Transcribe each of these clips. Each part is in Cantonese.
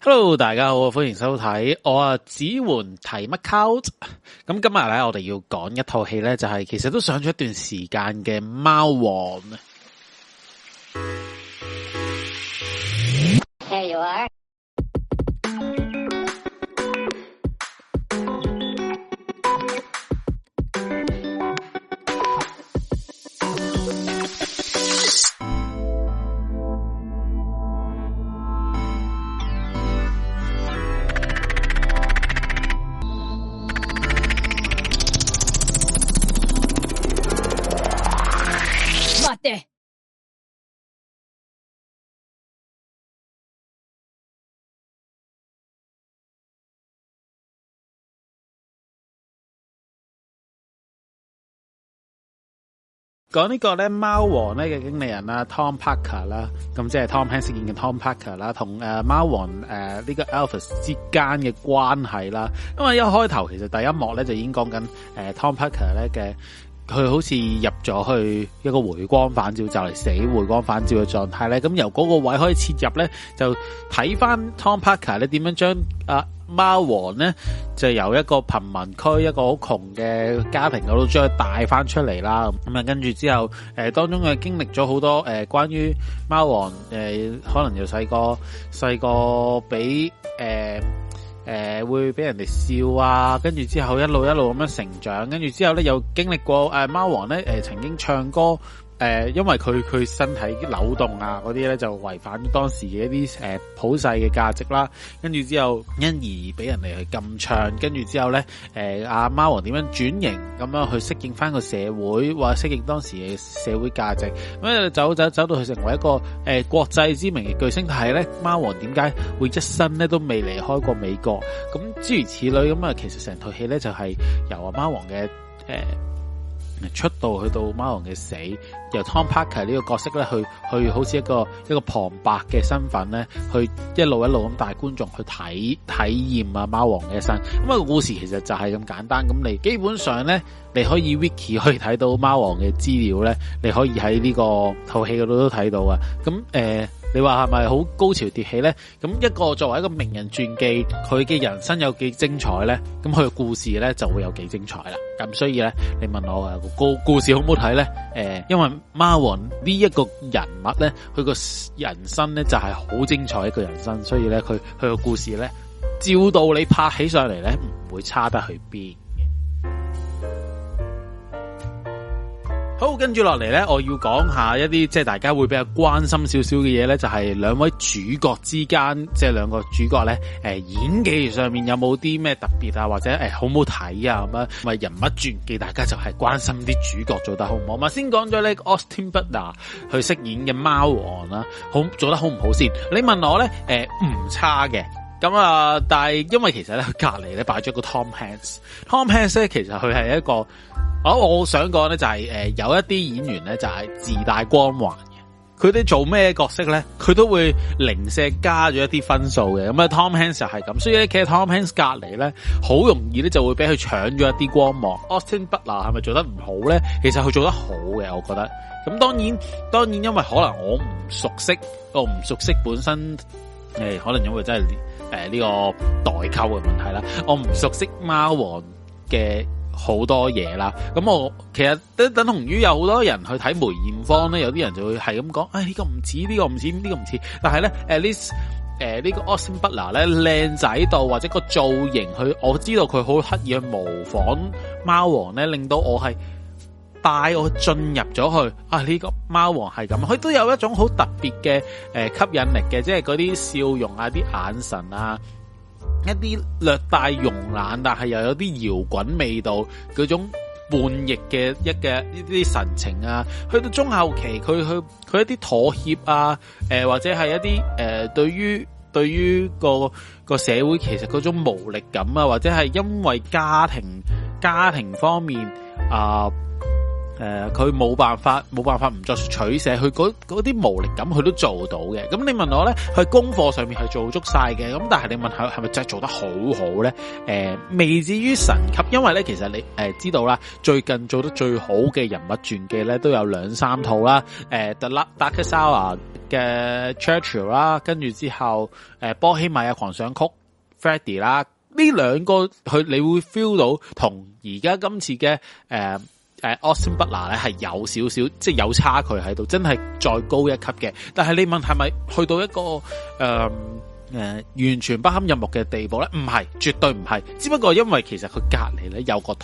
Hello，大家好，歡迎收睇。我啊，子桓提乜 count？咁今日咧，我哋要講一套戲咧，就係其實都上咗一段時間嘅《貓王》。講呢個咧貓王咧嘅經理人啦 Tom Parker 啦，咁即係 Tom Hanks 演嘅 Tom Parker 啦，同、呃、誒貓王誒呢、呃這個 Elvis 之間嘅關係啦，因為一開頭其實第一幕咧就已經講緊誒 Tom Parker 咧嘅，佢好似入咗去一個回光返照就嚟死回光返照嘅狀態咧，咁由嗰個位可以切入咧，就睇翻 Tom Parker 咧點樣將啊。貓王咧就由一個貧民區，一個好窮嘅家庭嗰度將佢帶翻出嚟啦，咁啊跟住之後，誒、呃、當中嘅經歷咗好多誒、呃、關於貓王誒、呃，可能由細個細個俾誒誒會俾人哋笑啊，跟住之後一路一路咁樣成長，跟住之後咧又經歷過誒、呃、貓王咧誒、呃、曾經唱歌。誒、呃，因為佢佢身體扭動啊，嗰啲咧就違反當時嘅一啲誒、呃、普世嘅價值啦，跟住之後因而俾人哋去禁唱，跟住之後咧，誒、呃、阿、啊、貓王點樣轉型，咁樣去適應返個社會，或者適應當時嘅社會價值，咁走走走到佢成為一個誒、呃、國際知名嘅巨星體呢，但係咧貓王點解會一生咧都未離開過美國？咁諸如此類，咁啊其實成套戲咧就係、是、由阿、啊、貓王嘅誒。呃出道去到貓王嘅死，由 Tom Parker 呢個角色咧去去好似一個一個旁白嘅身份咧，去一路一路咁帶觀眾去體體驗啊貓王嘅一生。咁、那、啊個故事其實就係咁簡單。咁你基本上咧，你可以 Wiki 可以睇到貓王嘅資料咧，你可以喺呢個套戲嗰度都睇到啊。咁誒。呃你話係咪好高潮迭起呢？咁一個作為一個名人傳記，佢嘅人生有幾精彩呢？咁佢嘅故事呢，就會有幾精彩啦。咁所以呢，你問我誒故、這個、故事好唔好睇呢誒、呃，因為馬雲呢一個人物呢，佢個人生呢就係、是、好精彩一個人生，所以呢，佢佢個故事呢，照到你拍起上嚟呢，唔會差得去邊。好，跟住落嚟咧，我要講下一啲即係大家會比較關心少少嘅嘢咧，就係、是、兩位主角之間，即係兩個主角咧，誒、呃，演技上面有冇啲咩特別啊，或者誒、呃、好唔好睇啊咁啊，咪人物傳記，大家就係關心啲主角做得好唔好。先講咗呢 Austin Butler 去飾演嘅貓王啦、啊，好做得好唔好先？你問我咧，誒、呃，唔差嘅。咁啊，但係因為其實咧，隔籬咧擺咗個 Tom Hanks。Tom Hanks 咧，其實佢係一個，我我想講咧就係誒，有一啲演員咧就係自帶光環嘅。佢哋做咩角色咧，佢都會零舍加咗一啲分數嘅。咁啊，Tom Hanks 就係咁，所以咧，其實 Tom Hanks 隔籬咧，好容易咧就會俾佢搶咗一啲光芒。Austin Butler 係咪做得唔好咧？其實佢做得好嘅，我覺得。咁當然，當然因為可能我唔熟悉，我唔熟悉本身。誒、哎，可能因為真係誒呢個代溝嘅問題啦，我唔熟悉貓王嘅好多嘢啦，咁我其實都等同於有好多人去睇梅艷芳咧，有啲人就會係咁講，誒、哎、呢、這個唔似，呢、這個唔似，呢、這個唔似，但係咧，Alice，誒呢、呃這個 Austin Butler 咧，靚仔到或者個造型，佢我知道佢好刻意去模仿貓王咧，令到我係。帶我進入咗去啊！呢、這個貓王係咁，佢都有一種好特別嘅誒吸引力嘅，即係嗰啲笑容啊、啲眼神啊，一啲略帶慵懶但係又有啲搖滾味道嗰種叛逆嘅一嘅呢啲神情啊。去到中後期，佢佢佢一啲妥協啊，誒、呃、或者係一啲誒、呃、對於對於，對於個個社會其實嗰種無力感啊，或者係因為家庭家庭方面啊。呃誒，佢冇辦法，冇辦法唔作取捨，佢嗰嗰啲無力感，佢都做到嘅。咁你問我咧，佢功課上面係做足晒嘅，咁但係你問下係咪真係做得好好咧？誒，未至於神級，因為咧其實你誒知道啦，最近做得最好嘅人物傳記咧都有兩三套啦。誒，The Darkest Hour 嘅 Churchill 啦，跟住之後誒波希米亞狂想曲 Freddie 啦，呢兩個佢你會 feel 到同而家今次嘅誒。誒，奧斯 e r 咧係有少少，即係有差距喺度，真係再高一級嘅。但係你問係咪去到一個誒誒、嗯呃、完全不堪入目嘅地步咧？唔係，絕對唔係。只不過因為其實佢隔籬咧有個 n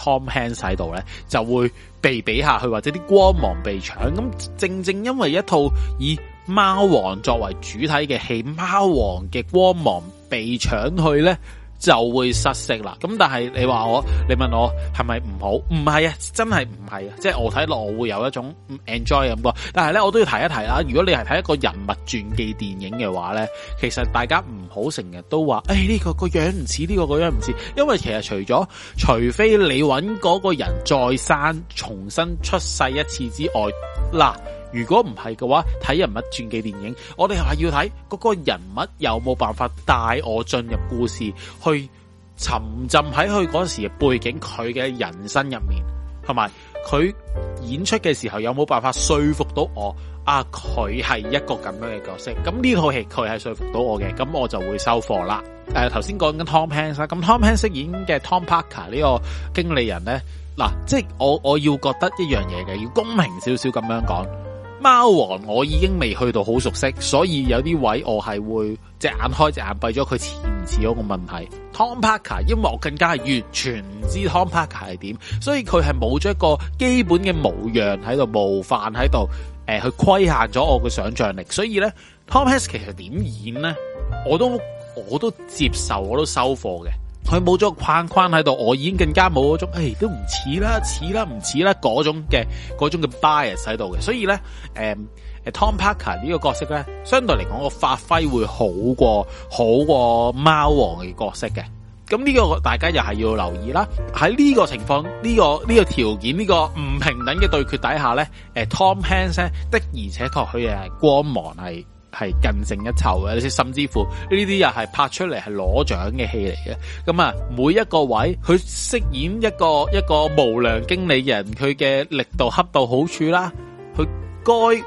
漢喺度咧，就會被比下去，或者啲光芒被搶。咁正正因為一套以貓王作為主體嘅戲，貓王嘅光芒被搶去咧。就會失色啦。咁但係你話我，你問我係咪唔好？唔係啊，真係唔係啊。即係我睇落會有一種唔 enjoy 咁噃。但係咧，我都要提一提啦。如果你係睇一個人物傳記電影嘅話咧，其實大家唔好成日都話，誒，呢個個樣唔似，呢個個樣唔似。因為其實除咗，除非你搵嗰個人再生、重新出世一次之外，啦如果唔係嘅話，睇人物傳記電影，我哋係要睇嗰個人物有冇辦法帶我進入故事，去沉浸喺佢嗰時嘅背景佢嘅人生入面，同埋佢演出嘅時候有冇辦法說服到我，啊，佢係一個咁樣嘅角色。咁呢套戲佢係說服到我嘅，咁我就會收貨啦。誒、呃，頭先講緊 Tom Hanks 啦，咁 Tom Hanks 演嘅 Tom Parker 呢個經理人咧，嗱、啊，即係我我要覺得一樣嘢嘅，要公平少少咁樣講。貓王我已經未去到好熟悉，所以有啲位我係會隻眼開隻眼閉咗佢似唔似嗰個問題。Tom Parker，因為我更加係完全唔知 Tom Parker 係點，所以佢係冇咗一個基本嘅模樣喺度，模範喺度，誒、呃，去規限咗我嘅想象力。所以咧，Tom Hanks 其實點演咧，我都我都接受，我都收貨嘅。佢冇咗個框框喺度，我已經更加冇嗰種，誒、哎、都唔似啦，似啦唔似啦嗰種嘅嗰種嘅 bias 喺度嘅，所以咧，誒、嗯，誒 Tom Parker 呢個角色咧，相對嚟講個發揮會好過好過貓王嘅角色嘅，咁呢個大家又係要留意啦。喺呢個情況，呢、這個呢、這個條件，呢、這個唔平等嘅對決底下咧，誒、嗯、Tom Hanks 咧的而且確佢嘅光芒係。係近勝一籌嘅，甚至乎呢啲又係拍出嚟係攞獎嘅戲嚟嘅。咁啊，每一個位佢飾演一個一個無良經理人，佢嘅力度恰到好處啦。佢該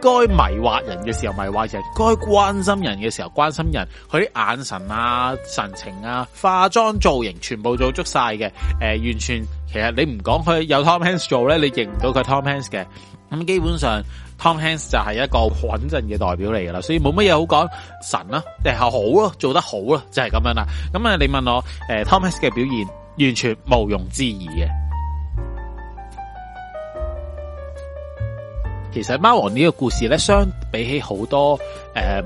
該迷惑人嘅時候迷惑人，該關心人嘅時候關心人。佢啲眼神啊、神情啊、化妝造型全部做足晒嘅。誒、呃，完全其實你唔講佢有 Tom Hanks 做呢，你認唔到佢 Tom Hanks 嘅。咁基本上。Tom Hanks 就係一個穩陣嘅代表嚟噶啦，所以冇乜嘢好講神咯、啊，定係好咯、啊，做得好咯、啊，就係、是、咁樣啦。咁啊，那你問我誒、eh, Tom Hanks 嘅表現，完全毋庸置疑嘅。其實貓王呢、這個故事咧，相比起好多誒、嗯、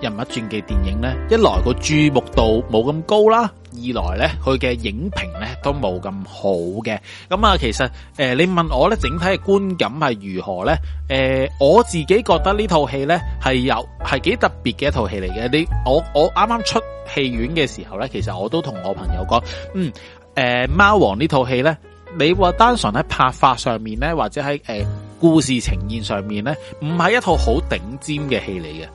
人物傳記電影咧，一來個注目度冇咁高啦。二來咧，佢嘅影評咧都冇咁好嘅。咁、嗯、啊，其實誒、呃，你問我咧，整體嘅觀感係如何咧？誒、呃，我自己覺得呢套戲咧係有係幾特別嘅一套戲嚟嘅。你我我啱啱出戲院嘅時候咧，其實我都同我朋友講，嗯，誒、呃，貓王呢套戲咧，你話單純喺拍法上面咧，或者喺誒、呃、故事呈現上面咧，唔係一套好頂尖嘅戲嚟嘅。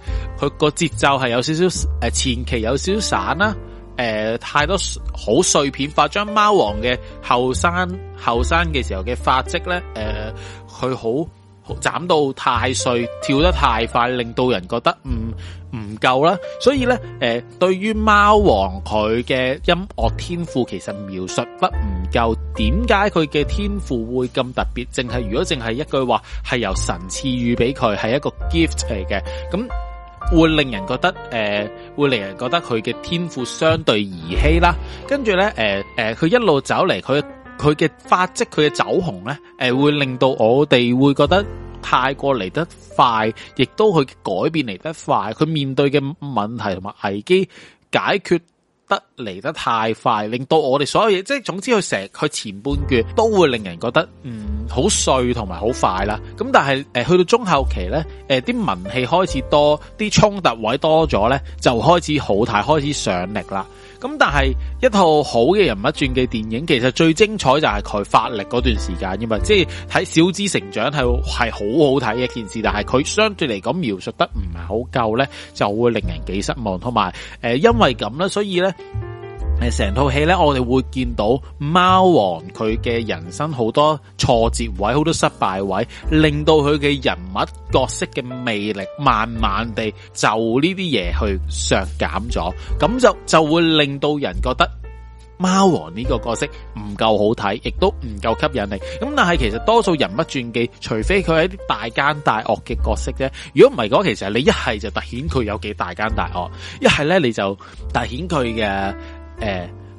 佢個節奏係有少少誒、呃、前期有少少散啦、啊。誒、呃，太多好碎片化，將貓王嘅後生後生嘅時候嘅發迹呢，誒、呃，佢好斬到太碎，跳得太快，令到人覺得唔唔夠啦。所以呢，誒、呃，對於貓王佢嘅音樂天賦，其實描述不唔夠。點解佢嘅天賦會咁特別？淨係如果淨係一句話，係由神賜予俾佢，係一個 gift 嚟嘅咁。會令人覺得，誒、呃，會令人覺得佢嘅天賦相對兒戲啦。跟住咧，誒、呃，誒、呃，佢一路走嚟，佢佢嘅發跡，佢嘅走紅咧，誒、呃，會令到我哋會覺得太過嚟得快，亦都佢改變嚟得快，佢面對嘅問題同埋危機解決。得嚟得太快，令到我哋所有嘢，即係總之佢成日，佢前半段都會令人覺得嗯，好碎同埋好快啦。咁但係誒去到中後期咧，誒啲文戲開始多，啲衝突位多咗咧，就開始好大，開始上力啦。咁但係一套好嘅人物傳記電影，其實最精彩就係佢發力嗰段時間嘅嘛，即係睇小資成長係係好好睇嘅一件事，但係佢相對嚟講，描述得唔係好夠呢就會令人幾失望，同埋誒因為咁啦，所以呢。誒，成套戲呢，我哋會見到貓王佢嘅人生好多挫折位，好多失敗位，令到佢嘅人物角色嘅魅力慢慢地就呢啲嘢，去削減咗，咁就就會令到人覺得貓王呢個角色唔夠好睇，亦都唔夠吸引力。咁但係其實多數人物傳記，除非佢係啲大奸大惡嘅角色啫，如果唔係講，其實你一係就凸顯佢有幾大奸大惡，一係呢你就凸顯佢嘅。誒，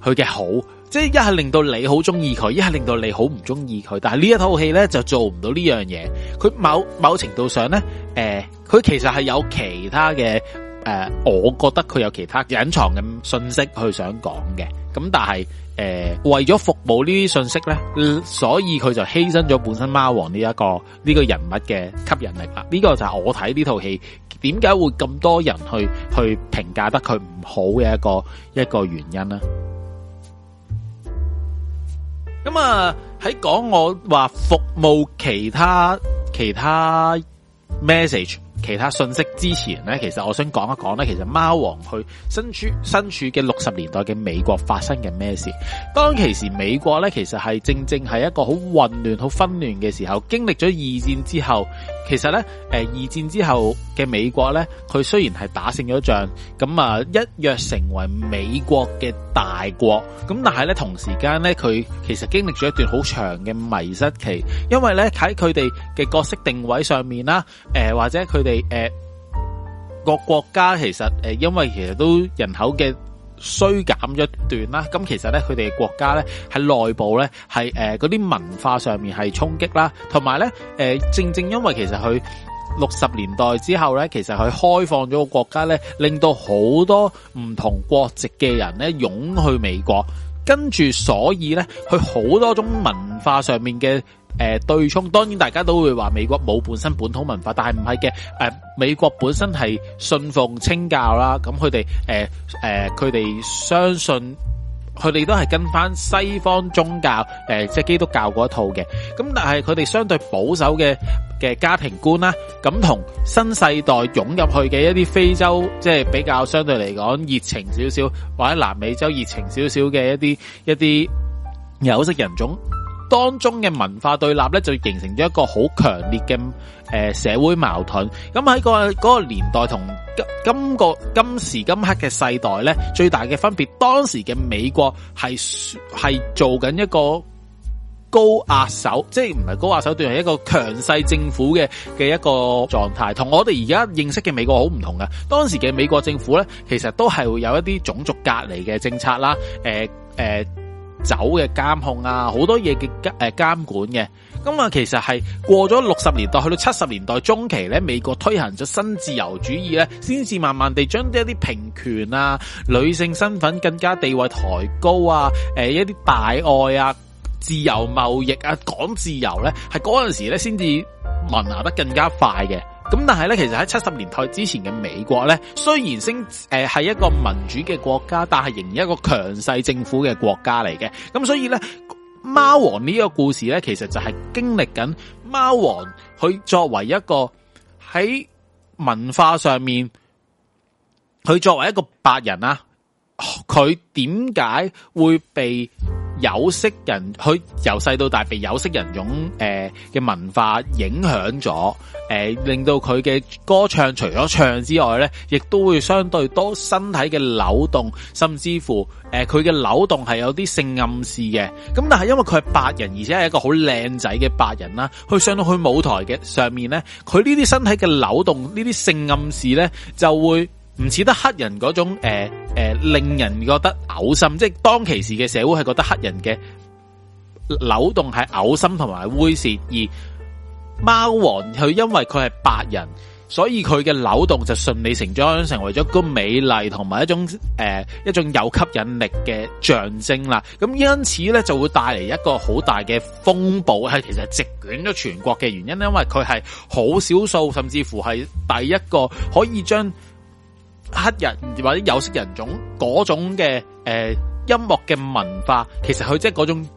佢嘅、呃、好，即係一係令到你好中意佢，一係令到你好唔中意佢。但係呢一套戲呢，就做唔到呢樣嘢，佢某某程度上呢，誒、呃，佢其實係有其他嘅，誒、呃，我覺得佢有其他隱藏嘅信息去想講嘅。咁但係，誒、呃，為咗服務呢啲信息呢，所以佢就犧牲咗本身貓王呢一個呢、呢個人物嘅吸引力啦。呢、呢個就係我睇呢套戲點解會咁多人去去評價得佢唔好嘅，一個一個原因咧？咁啊喺講我話服務其他其他 message 其他信息之前呢，其實我想講一講呢。其實貓王去身處身處嘅六十年代嘅美國發生嘅咩事？當其時美國呢，其實係正正係一個好混亂、好紛亂嘅時候，經歷咗二戰之後。其實咧，誒，二戰之後嘅美國咧，佢雖然係打勝咗仗，咁啊，一躍成為美國嘅大國，咁但係咧，同時間咧，佢其實經歷咗一段好長嘅迷失期，因為咧喺佢哋嘅角色定位上面啦，誒、呃，或者佢哋誒，個、呃、國家其實誒、呃，因為其實都人口嘅。衰減一段啦，咁其實呢，佢哋國家呢喺內部呢，係嗰啲文化上面係衝擊啦，同埋呢、呃，正正因為其實佢六十年代之後呢，其實佢開放咗個國家呢，令到好多唔同國籍嘅人呢湧去美國，跟住所以呢，佢好多種文化上面嘅。誒、呃，對沖當然大家都會話美國冇本身本土文化，但係唔係嘅。誒、呃，美國本身係信奉清教啦，咁佢哋誒誒，佢、呃、哋、呃、相信佢哋都係跟翻西方宗教，誒、呃，即係基督教嗰一套嘅。咁但係佢哋相對保守嘅嘅家庭觀啦，咁同新世代湧入去嘅一啲非洲，即、就、係、是、比較相對嚟講熱情少少，或者南美洲熱情少少嘅一啲一啲有色人種。當中嘅文化對立咧，就形成咗一個好強烈嘅誒社會矛盾。咁喺個個年代同今今個今時今刻嘅世代咧，最大嘅分別，當時嘅美國係係做緊一個高壓手，即係唔係高壓手段，係一個強勢政府嘅嘅一個狀態，同我哋而家認識嘅美國好唔同㗎。當時嘅美國政府咧，其實都係會有一啲種族隔離嘅政策啦，誒、呃、誒。呃酒嘅監控啊，好多嘢嘅監管嘅，咁啊其實係過咗六十年代去到七十年代中期咧，美國推行咗新自由主義咧，先至慢慢地將一啲平權啊、女性身份更加地位抬高啊、誒、啊、一啲大愛啊、自由貿易啊、講自由咧，係嗰陣時咧先至民行得更加快嘅。咁但係咧，其實喺七十年代之前嘅美國咧，雖然升誒係一個民主嘅國家，但係仍然一個強勢政府嘅國家嚟嘅。咁所以咧，貓王呢個故事咧，其實就係經歷緊貓王佢作為一個喺文化上面，佢作為一個白人啊，佢點解會被？有色人，佢由細到大被有色人種誒嘅文化影響咗，誒令到佢嘅歌唱除咗唱之外呢，亦都會相對多身體嘅扭動，甚至乎誒佢嘅扭動係有啲性暗示嘅。咁但係因為佢係白人，而且係一個好靚仔嘅白人啦，佢上到去舞台嘅上面呢，佢呢啲身體嘅扭動，呢啲性暗示呢就會。唔似得黑人嗰種誒誒、呃呃，令人覺得嘔心，即係當其時嘅社會係覺得黑人嘅扭動係嘔心同埋猥褻，而貓王佢因為佢係白人，所以佢嘅扭動就順理成章成為咗個美麗同埋一種誒、呃、一種有吸引力嘅象徵啦。咁因此咧就會帶嚟一個好大嘅風暴，係其實席捲咗全國嘅原因，因為佢係好少數，甚至乎係第一個可以將。黑人或者有色人種嗰種嘅誒、呃、音樂嘅文化，其實佢即係嗰種誒、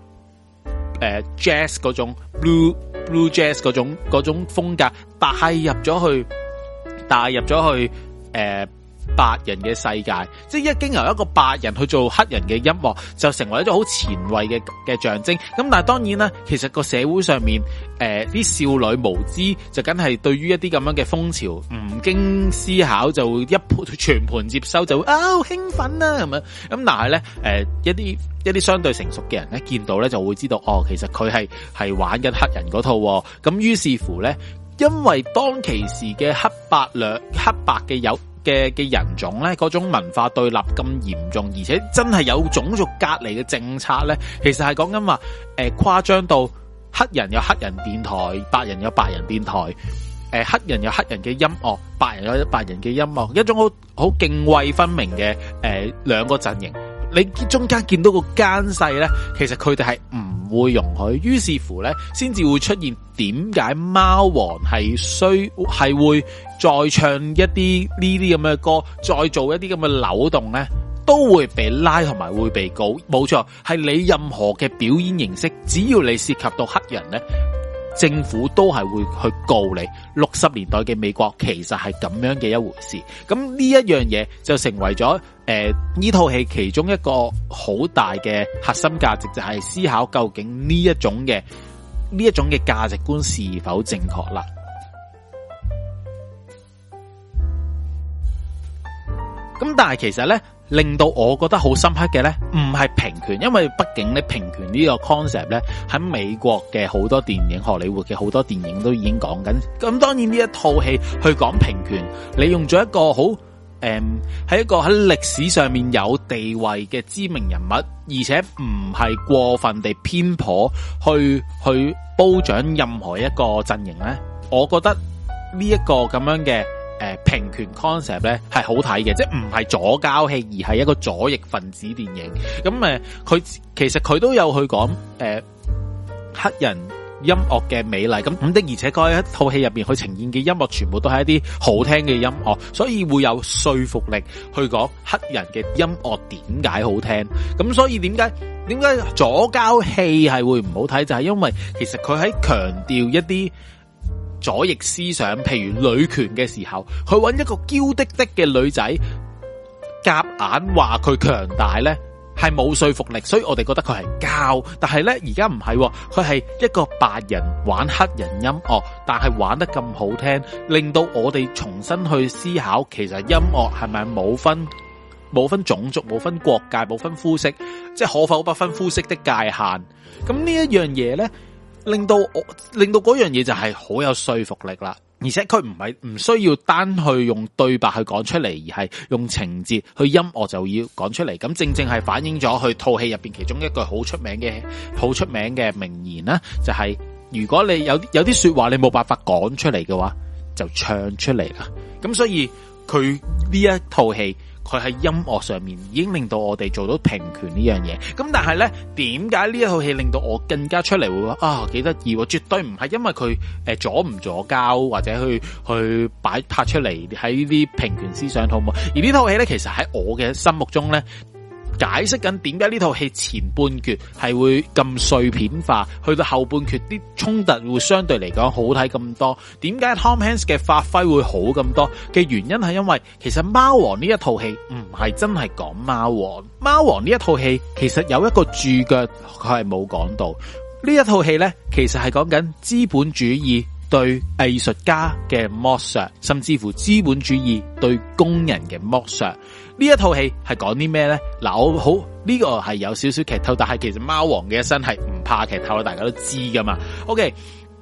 呃、jazz 嗰種 blue blue jazz 嗰種風格帶入咗去，帶入咗去誒。呃白人嘅世界，即係一經由一個白人去做黑人嘅音樂，就成為一種好前衛嘅嘅象徵。咁但係當然啦，其實個社會上面誒啲、呃、少女無知就梗係對於一啲咁樣嘅風潮唔經思考就一盤全盤接收，就會，就會啊好興奮啦咁樣。咁但係咧誒一啲一啲相對成熟嘅人咧見到咧就會知道哦，其實佢係係玩緊黑人嗰套。咁於是乎咧，因為當其時嘅黑白兩黑白嘅有。嘅嘅人種咧，嗰種文化對立咁嚴重，而且真係有種族隔離嘅政策咧，其實係講緊話誒誇張到黑人有黑人電台，白人有白人電台，誒黑人有黑人嘅音樂，白人有白人嘅音樂，一種好好涇渭分明嘅誒兩個陣營。你中間見到個奸細呢，其實佢哋係唔會容許，於是乎呢，先至會出現點解貓王係需係會再唱一啲呢啲咁嘅歌，再做一啲咁嘅扭動呢，都會被拉同埋會被告，冇錯，係你任何嘅表演形式，只要你涉及到黑人呢。政府都係會去告你，六十年代嘅美國其實係咁樣嘅一回事，咁呢一樣嘢，就成為咗誒呢套戲其中一個好大嘅核心價值，就係思考究竟呢一種嘅呢一種嘅價值觀是否正確啦。咁但係其實呢。令到我覺得好深刻嘅呢，唔係平權，因為畢竟呢平權呢個 concept 呢，喺美國嘅好多電影、荷里活嘅好多電影都已經講緊。咁當然呢一套戲去講平權，你用咗一個好誒，喺、嗯、一個喺歷史上面有地位嘅知名人物，而且唔係過分地偏頗去去褒獎任何一個陣營呢。我覺得呢一個咁樣嘅。誒，平權 concept 咧，係好睇嘅，即係唔係左膠戲，而係一個左翼分子電影。咁誒，佢、呃、其實佢都有去講誒、呃，黑人音樂嘅美麗。咁咁，的而且確，一套戲入邊佢呈現嘅音樂全部都係一啲好聽嘅音樂，所以會有說服力去講黑人嘅音樂點解好聽。咁所以點解點解左膠戲係會唔好睇？就係、是、因為其實佢喺強調一啲。左翼思想，譬如女權嘅時候，去揾一個嬌滴滴嘅女仔夾硬話佢強大咧，係冇說服力，所以我哋覺得佢係教。但係咧，而家唔係，佢係一個白人玩黑人音樂，但係玩得咁好聽，令到我哋重新去思考，其實音樂係咪冇分冇分種族、冇分國界、冇分膚色，即係可否不分膚色的界限？咁呢一樣嘢咧。令到我，令到嗰樣嘢，就係好有說服力啦，而且佢唔係唔需要單去用對白去講出嚟，而係用情節去音樂就要講出嚟。咁正正係反映咗佢套戲入邊其中一句好出名嘅好出名嘅名言啦，就係如果你有有啲說話你冇辦法講出嚟嘅話，就唱出嚟啦。咁所以佢呢一套戲。佢喺音樂上面已經令到我哋做到平權呢樣嘢，咁但係呢，點解呢一套戲令到我更加出嚟會話啊幾得意、哦哦？絕對唔係因為佢誒咗唔咗交或者去去擺拍出嚟喺呢啲平權思想好唔好？而呢套戲呢，其實喺我嘅心目中呢。解釋緊點解呢套戲前半段係會咁碎片化，去到後半段啲衝突會相對嚟講好睇咁多，點解 Tom Hanks 嘅發揮會好咁多嘅原因係因為其實《貓王》呢一套戲唔係真係講貓王，《貓王》呢一套戲其實有一個注腳佢係冇講到，呢一套戲呢，其實係講緊資本主義。對藝術家嘅剝削，甚至乎資本主義對工人嘅剝削，呢一套戲係講啲咩咧？嗱，我好呢、這個係有少少劇透，但係其實《貓王嘅一生》係唔怕劇透啦，大家都知噶嘛。OK，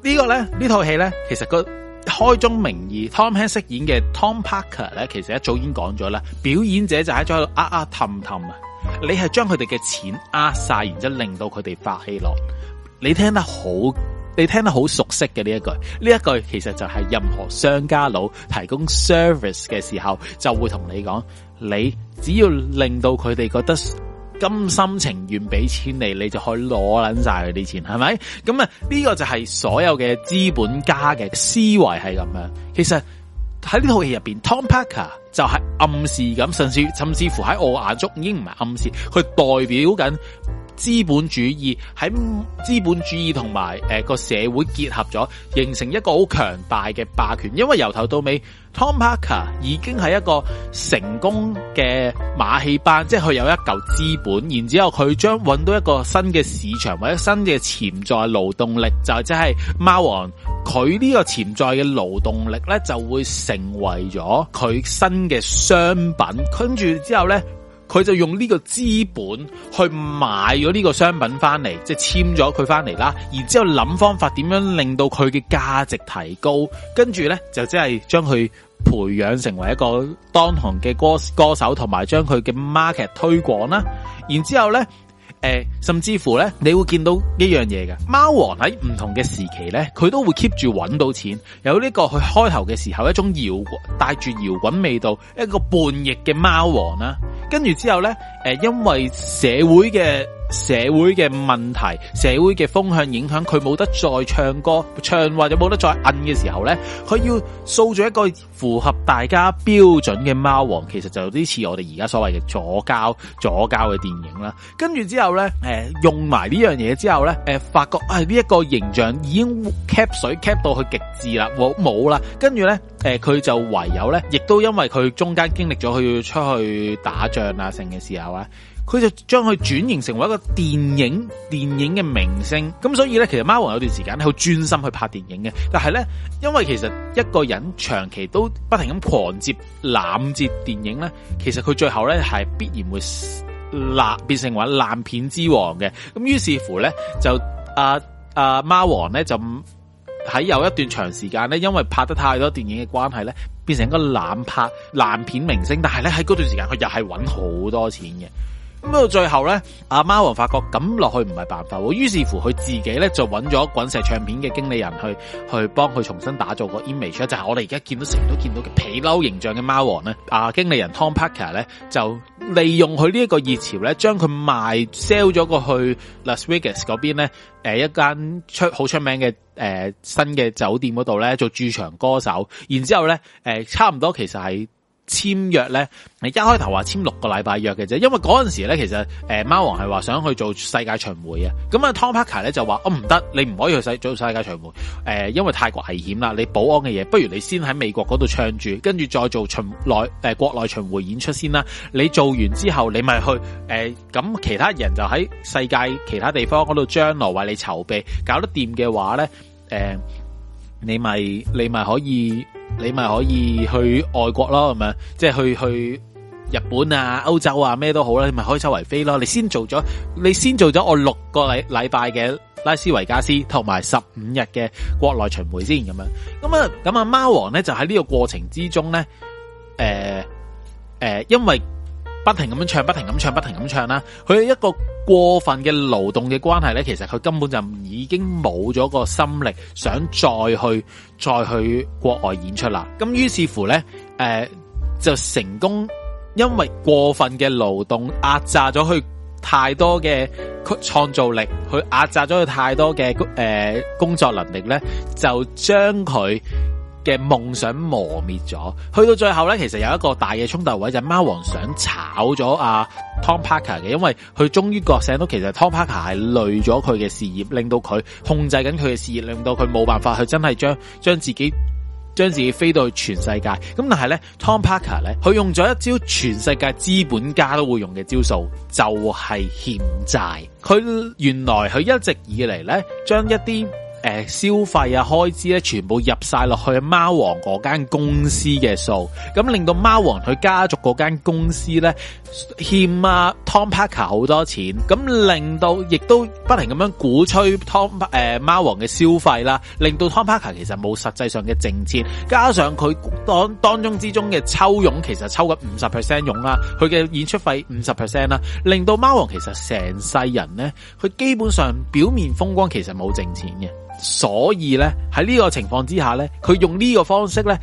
這個呢個咧呢套戲咧，其實個開宗明義，Tom Hanks 飾演嘅 Tom Parker 咧，其實一早已經講咗啦，表演者就喺咗喺度呃呃氹氹啊，啊騰騰，你係將佢哋嘅錢呃晒，然之後令到佢哋發氣咯，你聽得好。你聽得好熟悉嘅呢一句，呢一句其實就係任何商家佬提供 service 嘅時候，就會同你講，你只要令到佢哋覺得甘心情願俾錢你，你就可以攞捻晒佢啲錢，係咪？咁啊，呢個就係所有嘅資本家嘅思維係咁樣。其實喺呢套戲入邊，Tom Parker 就係暗示咁，甚至甚至乎喺我眼中已經唔係暗示，佢代表緊。資本主義喺資本主義同埋誒個社會結合咗，形成一個好強大嘅霸權。因為由頭到尾，Tom Parker 已經係一個成功嘅馬戲班，即係佢有一嚿資本，然之後佢將揾到一個新嘅市場或者新嘅潛在勞動力，就即係貓王佢呢個潛在嘅勞動力呢，就會成為咗佢新嘅商品。跟住之後呢。佢就用呢個資本去買咗呢個商品翻嚟，即係簽咗佢翻嚟啦，然之後諗方法點樣令到佢嘅價值提高，跟住呢，就即係將佢培養成為一個當行嘅歌歌手，同埋將佢嘅 market 推廣啦，然之後呢。誒、呃，甚至乎咧，你會見到一樣嘢嘅貓王喺唔同嘅時期咧，佢都會 keep 住揾到錢，有呢、呢個佢開頭嘅時候一種搖帶住搖滾味道，一個叛逆嘅貓王啦，跟住之後咧，誒、呃，因為社會嘅。社會嘅問題、社會嘅風向影響，佢冇得再唱歌唱或者冇得再摁嘅時候呢，佢要塑造一個符合大家標準嘅貓王，其實就有啲似我哋而家所謂嘅左膠左膠嘅電影啦。跟住之後呢，誒用埋呢樣嘢之後呢，誒發覺啊呢一個形象已經 cap 水 cap 到佢極致啦，冇冇啦。跟住呢，誒佢就唯有呢，亦都因為佢中間經歷咗佢要出去打仗啊成嘅時候啊。佢就將佢轉型成為一個電影電影嘅明星，咁所以咧，其實貓王有段時間好專心去拍電影嘅。但係咧，因為其實一個人長期都不停咁狂接攬接電影咧，其實佢最後咧係必然會爛變成為爛片之王嘅。咁於是乎咧，就啊啊貓王咧就喺有一段長時間咧，因為拍得太多電影嘅關係咧，變成一個攬拍爛片明星。但係咧喺嗰段時間，佢又係搵好多錢嘅。咁到最後咧，阿貓王發覺咁落去唔係辦法，於是乎佢自己咧就揾咗滾石唱片嘅經理人去去幫佢重新打造個 image，就係我哋而家見到成日都見到嘅皮褸形象嘅貓王咧。啊，經理人 Tom Parker 咧就利用佢呢一個熱潮咧，將佢賣 sell 咗過去 Las Vegas 嗰邊咧，呃、一間出好出名嘅、呃、新嘅酒店嗰度咧做駐場歌手，然之後咧、呃、差唔多其實係。簽約呢，你一開頭話簽六個禮拜約嘅啫，因為嗰陣時呢，其實誒貓王係話想去做世界巡迴啊，咁啊 Tom Parker 咧就話我唔得，你唔可以去世做世界巡迴，誒、呃、因為太過危險啦，你保安嘅嘢，不如你先喺美國嗰度唱住，跟住再做巡內誒、呃、國內巡迴演出先啦，你做完之後你咪去，誒、呃、咁其他人就喺世界其他地方嗰度將來為你籌備，搞得掂嘅話呢，誒、呃、你咪你咪可以。你咪可以去外國咯，咁樣，即係去去日本啊、歐洲啊，咩都好啦，你咪可以周圍飛咯。你先做咗，你先做咗我六個禮禮拜嘅拉斯維加斯，同埋十五日嘅國內巡迴先咁樣。咁啊，咁啊，貓王咧就喺呢個過程之中咧，誒、呃、誒、呃，因為。不停咁樣唱，不停咁唱，不停咁唱啦！佢一個過分嘅勞動嘅關係呢，其實佢根本就已經冇咗個心力，想再去再去國外演出啦。咁於是乎呢，誒、呃、就成功，因為過分嘅勞動壓榨咗佢太多嘅創造力，去壓榨咗佢太多嘅工誒工作能力呢，就將佢。嘅夢想磨滅咗，去到最後呢，其實有一個大嘅衝突位就係、是、貓王想炒咗阿、啊、Tom Parker 嘅，因為佢終於覺醒到，其實 Tom Parker 係累咗佢嘅事業，令到佢控制緊佢嘅事業，令到佢冇辦法去真係將將自己將自己飛到去全世界。咁但係呢，Tom Parker 呢，佢用咗一招全世界資本家都會用嘅招數，就係、是、欠債。佢原來佢一直以嚟呢，將一啲。誒，消費啊，開支咧，全部入晒落去貓王嗰間公司嘅數，咁令到貓王佢家族嗰間公司咧欠啊 Tom Parker 好多錢，咁令到亦都不停咁樣鼓吹 Tom 誒、呃、貓王嘅消費啦，令到 Tom Parker 其實冇實際上嘅淨錢，加上佢當當中之中嘅抽佣其實抽緊五十 percent 佣啦，佢嘅演出費五十 percent 啦，令到貓王其實成世人咧，佢基本上表面風光，其實冇淨錢嘅。所以咧，喺呢個情況之下咧，佢用呢個方式咧，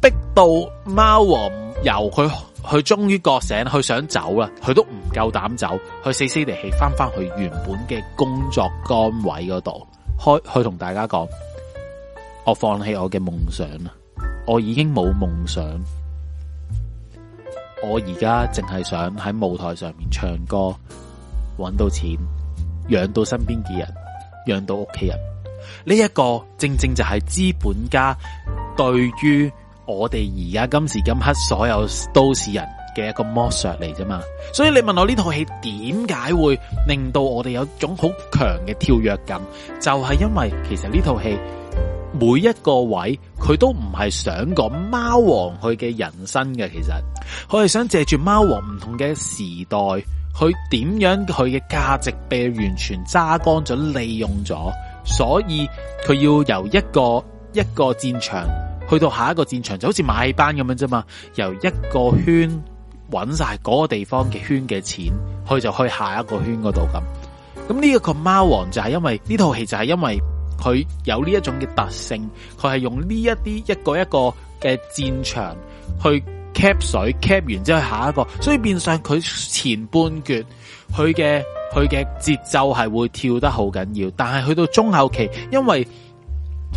逼到貓王由佢佢終於覺醒，佢想走啦，佢都唔夠膽走，去死死地氣翻翻去原本嘅工作崗位嗰度，開去同大家講，我放棄我嘅夢想啦，我已經冇夢想，我而家淨係想喺舞台上面唱歌，揾到錢，養到身邊嘅人，養到屋企人。呢一個正正就係資本家對於我哋而家今時今刻所有都市人嘅一個剝削嚟啫嘛，所以你問我呢套戲點解會令到我哋有種好強嘅跳躍感，就係因為其實呢套戲每一個位佢都唔係想講貓王佢嘅人生嘅，其實佢係想借住貓王唔同嘅時代，佢點樣佢嘅價值被完全揸乾咗利用咗。所以佢要由一個一個戰場去到下一個戰場，就好似馬戲班咁樣啫嘛。由一個圈搵晒嗰個地方嘅圈嘅錢，去就去下一個圈嗰度咁。咁呢一個貓王就係因為呢套戲就係因為佢有呢一種嘅特性，佢係用呢一啲一個一個嘅戰場去 cap 水，cap 完之後下一個，所以變相佢前半段佢嘅。佢嘅節奏係會跳得好緊要，但係去到中後期，因為，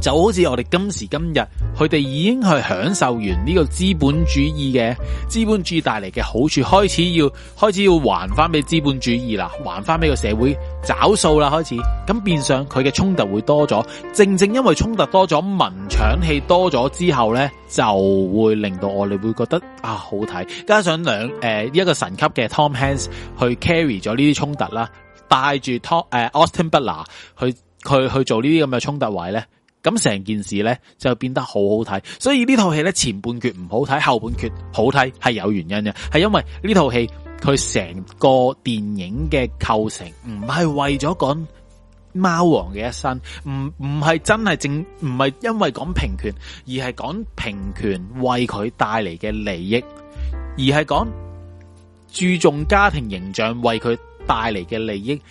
就好似我哋今時今日，佢哋已經去享受完呢個資本主義嘅資本主義帶嚟嘅好處，開始要開始要還翻俾資本主義啦，還翻俾個社會找數啦，開始咁變相佢嘅衝突會多咗，正正因為衝突多咗，民搶戲多咗之後呢，就會令到我哋會覺得啊好睇，加上兩誒、呃、一個神級嘅 Tom Hanks 去 carry 咗呢啲衝突啦，帶住 Tom 誒、呃、Austin Butler 去去去做呢啲咁嘅衝突位呢。咁成件事咧，就變得好好睇，所以呢套戲咧，前半段唔好睇，後半段好睇係有原因嘅，係因為呢套戲佢成個電影嘅構成唔係為咗講貓王嘅一生，唔唔係真係正，唔係因為講平權，而係講平權為佢帶嚟嘅利益，而係講注重家庭形象為佢帶嚟嘅利益。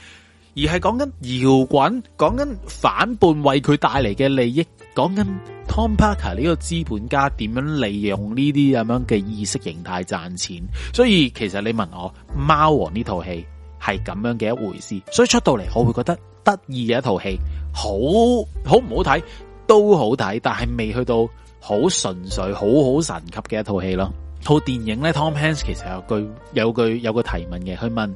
而係講緊搖滾，講緊反叛為佢帶嚟嘅利益，講緊 Tom Parker 呢個資本家點樣利用呢啲咁樣嘅意識形態賺錢。所以其實你問我《貓王》呢套戲係咁樣嘅一回事，所以出到嚟我會覺得得意嘅一套戲，好好唔好睇都好睇，但係未去到好純粹、好好神級嘅一套戲咯。套電影咧，Tom Hanks 其實有句有句有個提問嘅，去問。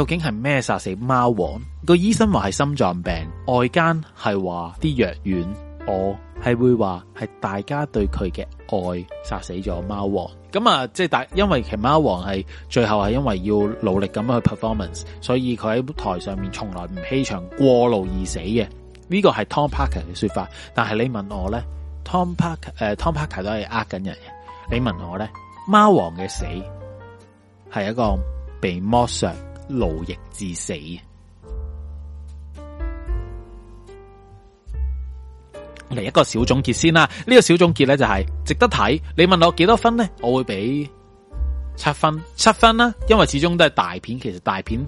究竟係咩殺死貓王？個醫生話係心臟病，外間係話啲藥丸，我係會話係大家對佢嘅愛殺死咗貓王。咁啊，即係大，因為其貓王係最後係因為要努力咁樣去 performance，所以佢喺台上面從來唔欺場過勞而死嘅。呢個係 Tom Parker 嘅說法，但係你問我咧，Tom Parker 誒、呃、Tom Parker 都係呃緊人嘅。你問我咧，貓王嘅死係一個被剝削。勞役至死。嚟一個小總結先啦，呢、這個小總結咧就係值得睇。你問我幾多分呢？我會俾七分，七分啦、啊。因為始終都係大片，其實大片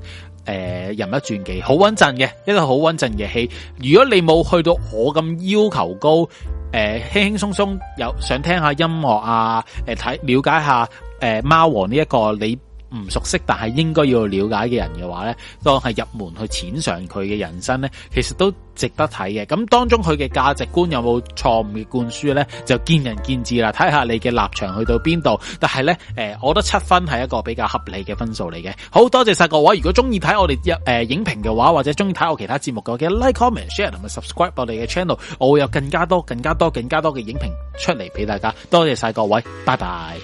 誒人物傳記，好穩陣嘅，一個好穩陣嘅戲。如果你冇去到我咁要求高，誒、呃，輕輕鬆鬆有想聽下音樂啊，誒、呃，睇了解下誒、呃、貓王呢、這、一個你。唔熟悉，但係應該要了解嘅人嘅話呢，當係入門去淺嘗佢嘅人生呢，其實都值得睇嘅。咁當中佢嘅價值觀有冇錯誤嘅灌輸呢？就見仁見智啦。睇下你嘅立場去到邊度。但係呢，誒、呃，我覺得七分係一個比較合理嘅分數嚟嘅。好多謝晒各位。如果中意睇我哋誒、呃、影評嘅話，或者中意睇我其他節目嘅，記得 like、comment、share 同埋 subscribe 我哋嘅 channel。我會有更加多、更加多、更加多嘅影評出嚟俾大家。多謝晒各位，拜拜。